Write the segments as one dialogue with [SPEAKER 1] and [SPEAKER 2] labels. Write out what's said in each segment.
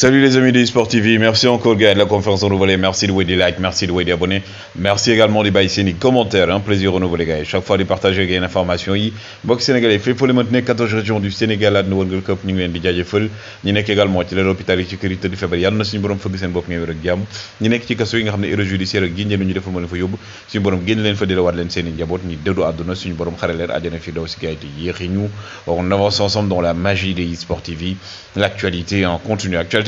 [SPEAKER 1] Salut les amis de eSport TV, merci encore gars de la conférence renouvelée, merci de des likes, merci de des abonnés, merci également de baisser les commentaires, un hein, plaisir renouvelé gars. Chaque fois de partager les informations, box sénégalais, fait pour les maintenir 14 régions du Sénégal à nouveau World Cup, nous sommes déjà fait, nous sommes également à l'hôpital et sécurité de février, nous sommes bonhommes focus en bop ngéwér ak jam, ñu nek ci kasso yi nga xamné erreur judiciaire ak gënël ñu defal mo leen fa yobbu, suñu borom gën leen fa délé wat leen seeni njabot, ñi dëddu aduna suñu borom xaré leen adjana fi daw ci gaay yi yéxi ñu, on avance ensemble dans la magie de eSport TV, l'actualité en continu, actualité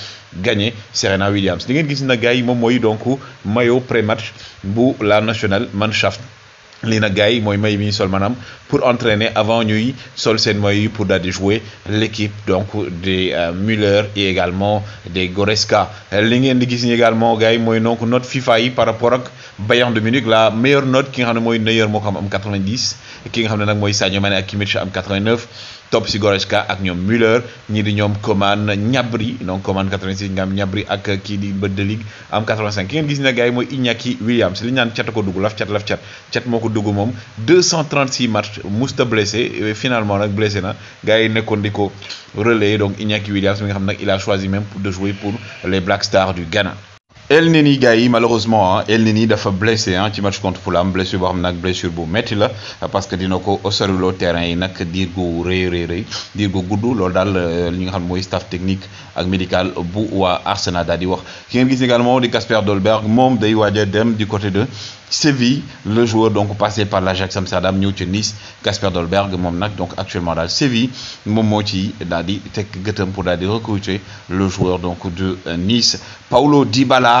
[SPEAKER 1] gagné Serena Williams li ngeen gis na gars yi moom mooy donc maillot pré bu la nationale Mannschaft lii nag gars may mi sol manam pour entraîner avant ñuy sol sen maillot pour jouer l'équipe donc des euh, Müller et également des Goreska. li ngeen di gis ni également gars yi mooy donc note FIFA yi par rapport ak Bayern de Munich la meilleure note ki nga xamne moy Neuer moo am 90 ki nga xamne nak moy Sadio ak Kimmich am 89 top si Goreska ak ñom Müller ñi di ñom Coman Ñabri donc Coman 86 nga am Gnabry ak ki di Bundesliga am 85 ki ngeen gis ne gay moy Iñaki Williams li ñaan chat, ko la la de 236 matchs musta blessé finalement nak blessé na gars yi donc Iñaki Williams il a choisi même de jouer pour les Black Stars du Ghana. El Neni yi malheureusement hein, El Neni dafa blessé hein, ci match contre Fulham blessure boo xam blessure bu métti la parce que au ko le terrain yi n'a que gu rëy rëy rëy diir gu gudd euh, staff technique ak médical bu à Arsenal daal di wax également de Casper Dolberg mom, de waaj dem du côté de Séville le joueur donc passé par l'Ajax Amsterdam ñëw ci Nice Casper Dolberg moom donc actuellement daal Séville moom moo ci daal di pour Dadi di recruter le joueur donc de Nice Paulo Dybala.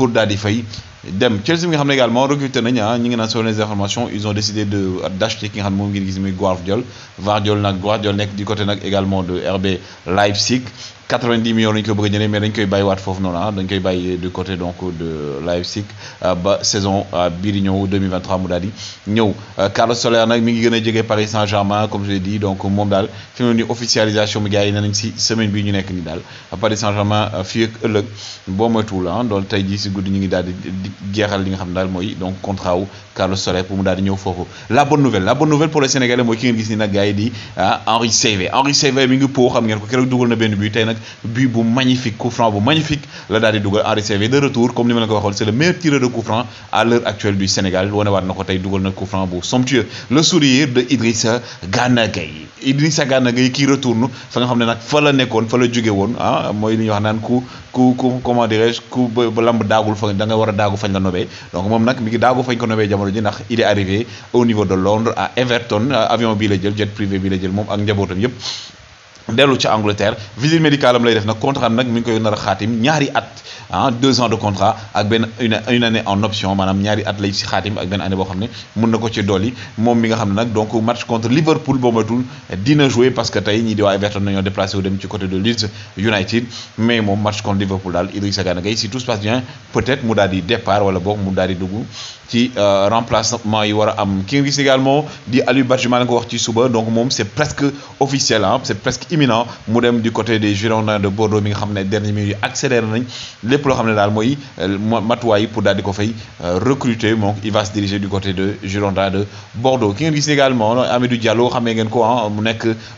[SPEAKER 1] pour daal dem Chelsea bi nga également recruté nañ nous ah, ñu ngi les informations ils ont décidé de ah, d'acheter ki nga xam ne moom ngeen muy Guardiol Guardiol nag Guardiol du côté nag également de RB Leipzig 90 millions lañ ko bëgg mais dañ koy bàyyiwaat foofu non ah dañ koy baye du côté donc de Leipzig ah, ba saison à di 2023 mu daal di Carlos Soler nag mi ngi Paris Saint-Germain comme je l'ai dit donc au mondial fi mu officialisation bi gars nañ si semaine bii ñu nidal Paris Saint-Germain fii le bon mot moytuwul ah doon tey si guddi ñu ngi daal di jeexal li nga xam daal mooy donc contrat wu Carlos Soler pour mu daal di ñëw foofu la bonne nouvelle la bonne nouvelle pour les Sénégalais mooy ki ngeen gis ni nag gars yi di ah Henri Saivet Henri Saivet mi ngi po xam ngeen ko keroog dugal na benn but tey nag but bu magnifique coup franc bu magnifique la daal di dugal Henri Saivet de retour comme ni ma la ko waxoon c'est le meilleur tireur de coup franc à l'heure actuelle du Sénégal wane waat na ko tey dugal na coup franc bu somptueux le sourire de Idrissa Gana Idrissa Gana Gueye kii retourne fa nga xam ne nag fa la nekkoon fa la jóge woon ah mooy li ñuy wax naan ku ku ku comment dirais-je ku lamb daaw daagul fa da nga war a daagu fañ la nobee donc mom nak mi ngi daagu fañ ko nobee jamono ji ndax il est arrivé au niveau de Londres à Everton avion bi la jël jet privé bi la jël mom ak njabootam yëpp dellu ci Angleterre visite médicale am lay def nak contrat nak mi ngi koy nar khatim ñaari at ah, deux ans de contrat ak ben une année en option manam ñaari at lay ci khatim ak ben année bo xamné mën nako ci doli mom mi nga xamné nak donc match contre Liverpool boo matul dina jouer parce que tay ñi di wa Everton ñoo déplacé wu dem ci côté de Leeds United mais mom match contre Liverpool dal Idrissa Gana Gueye si tout se passe bien peut-être mu daal di départ wala bok mu daal di dugg ci euh, remplacement yi wara am ki gis également di Aliou Badji maa leen ko wax ci suba donc mom c'est presque officiel hein c'est presque imminent mu dem du côté des Girondins de Bordeaux mi nga xamné dernier minute yi accéléré nañ lepp lo xamné dal pour dal di ko fay euh, recruter donc il va se diriger du côté de Girondins de Bordeaux Qui ngeen également euh, Amidou Diallo xamé ngeen ko hein, mu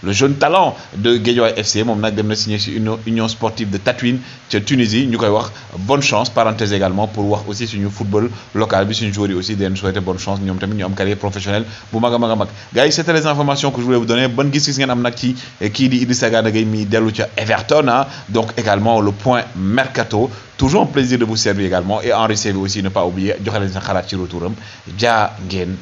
[SPEAKER 1] le jeune talent de Guédiawaye FC mom nak dem na signé une Union Sportive de Tatouine Tunisie nous avons wax bonne chance parenthèse également pour wax aussi suñu football local bi suñu une yi aussi nous souhaiter bonne chance ñom tamit ñu am carrière professionnelle bu mag a mag c'était les informations que je voulais vous donner bonne gis-gis ngeen am nak ci qui euh, Idrissa Gana Gueye mi delu ci Everton hein, donc également le point mercato toujours un plaisir de vous servir également et en recevoir aussi ne pas oublier joxe sa xalaat ci retouram ja ngeen